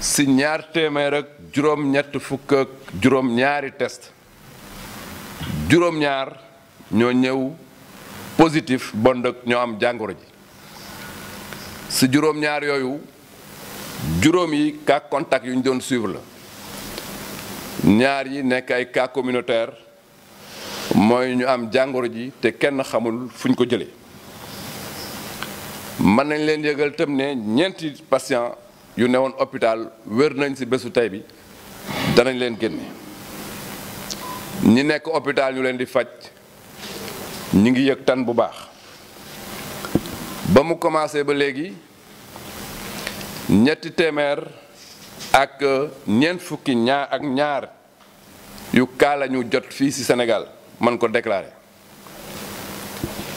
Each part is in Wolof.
si ñaar téeméer ak juróom-ñett fukk ak juróom-ñaari test juróom-ñaar ñoo ñëw positif bon ak ñoo am jàngoro ji ci juróom-ñaar yooyu juróom yi cas contact yu doon suivre la ñaar yi nekk ay cas communautaire mooy ñu am jàngoro ji te kenn xamul fu ñu ko jëlee mën nañ leen yëgal tam ne ñeenti patient yu newoon hôpital wér nañ ci bésu tey bi danañ leen génne ñi nekk hôpital ñu leen di faj ñi ngi yëg tan bu baax ba mu commencé ba léegi ñetti téeméer ak euh, ñeent fukki ñaar ak ñaar yu kaala ñu jot fii ci senegal man ko déclaré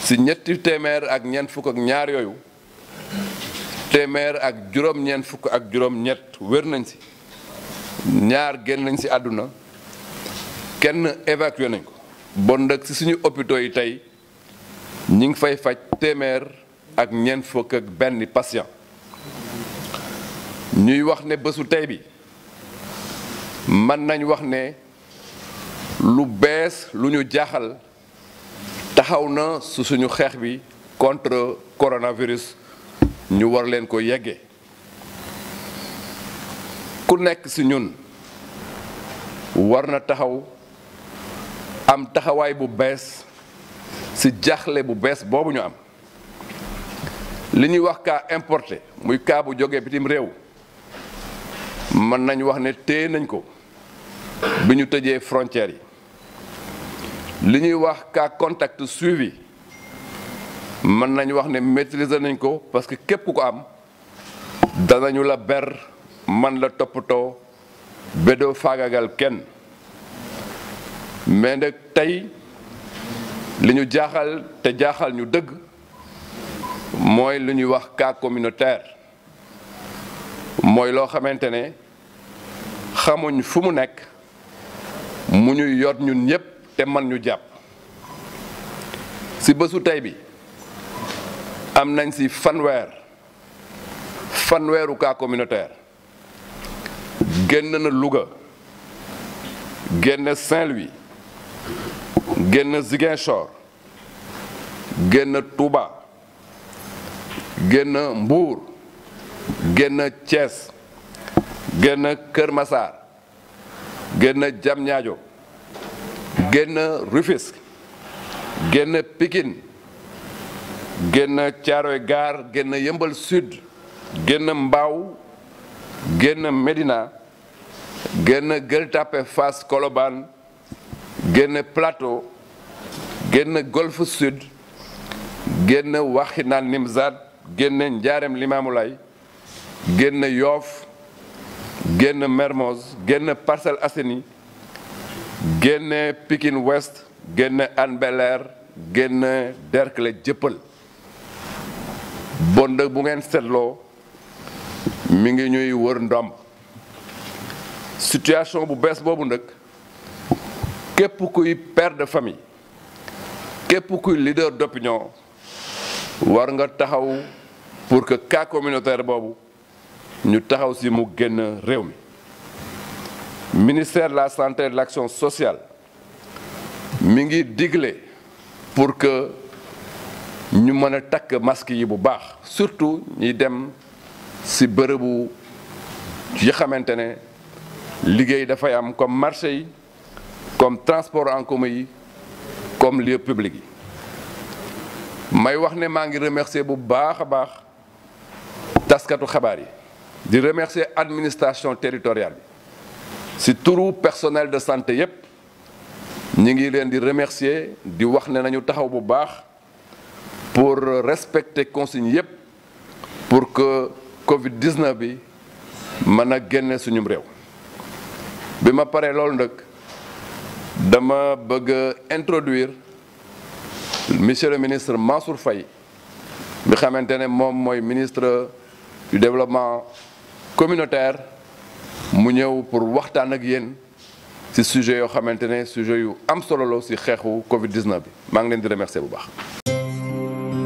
si ñetti téeméer ak ñeent fukk ak ñaar yooyu téeméer ak juróom-ñeent fukk ak juróom-ñett nañ ci ñaar génn nañ ci àdduna kenn évacué nañ ko bon nag ci suñu hôpitaux yi tey ñi ngi fay faj téeméer ak ñeent fukk ak benn patient ñuy wax ne bésu tey bi mën nañ wax ne lu bees lu ñu jaaxal taxaw na su suñu xeex bi contre coronavirus ñu war leen ko yegge ku nekk ci ñun war na taxaw am taxawaay bu bees ci jaxle bu bees boobu ñu am li ñuy wax cas importé muy kaabu bu bitim réew mën nañ wax ne téye nañ ko bi ñu tëjee frontières yi li ñuy wax cas contact suivi mën nañu wax ne maîtriser nañ ko parce que képp ku ko am danañu la ber man la toppatoo ba doo faagagal kenn mais nag tey li ñu jaaxal te jaaxal ñu dëgg mooy lu ñuy wax cas communautaire mooy loo xamante ne xamuñ fu mu nekk mu ñuy yoot ñun ñëpp te man ñu jàpp ci bésu tey bi am nañ si fanweer fanweeru cas communautaire génn na Louga génn Saint-Louis génn Ziguinchor génn Touba génn mbuur génna Thiès génn Kër Massar génn Diamniadio génn Rufisque génn Pikine génn Thiaroye Gare génn Yëmbal Sud génn Mbao génn Médina génn Gueule Tapée Fass Colobane génn Plateau génn Golf Sud génn Wakhinane Nimzatt génn Ndiarème Limamoulaye génn Yoff génn Mermoz génn Parcelles Assainies génn Pikine Ouest génn Hann Bel-Air génn Derklé kon nag bu ngeen seetloo mu ngi ñuy wër ndam situation bu bees boobu nag képp kuy per de famille képp kuy leader d'opinion war nga taxaw pour que cas communautaire boobu ñu taxaw si mu génn réew mi ministère la santé et de l'action sociale mi ngi digle pour que ñu mën a takk masque yi bu baax surtout ñi dem ci bërëbu yi xamante ne liggéey dafay am comme marché yi comme transport en comme yi comme lieu public yi may wax ne maa ngi remercier bu baax a baax taskatu xabaar yi di remercier administration territoriale bi ci turu personnel de santé yépp ñi ngi leen di remercier di wax ne nañu taxaw bu baax pour respecter consignes yëpp pour que Covid 19 bi mën a génne suñum réew bi ma paree loolu nag dama bëgg a introduire monsieur le ministre Mansour fay bi xamante ne moom mooy ministre du développement communautaire mu ñëw pour waxtaan ak yéen ci sujet yoo xamante ne sujet yu am solo la ci xeexu Covid bi maa ngi leen di remercier bu baax.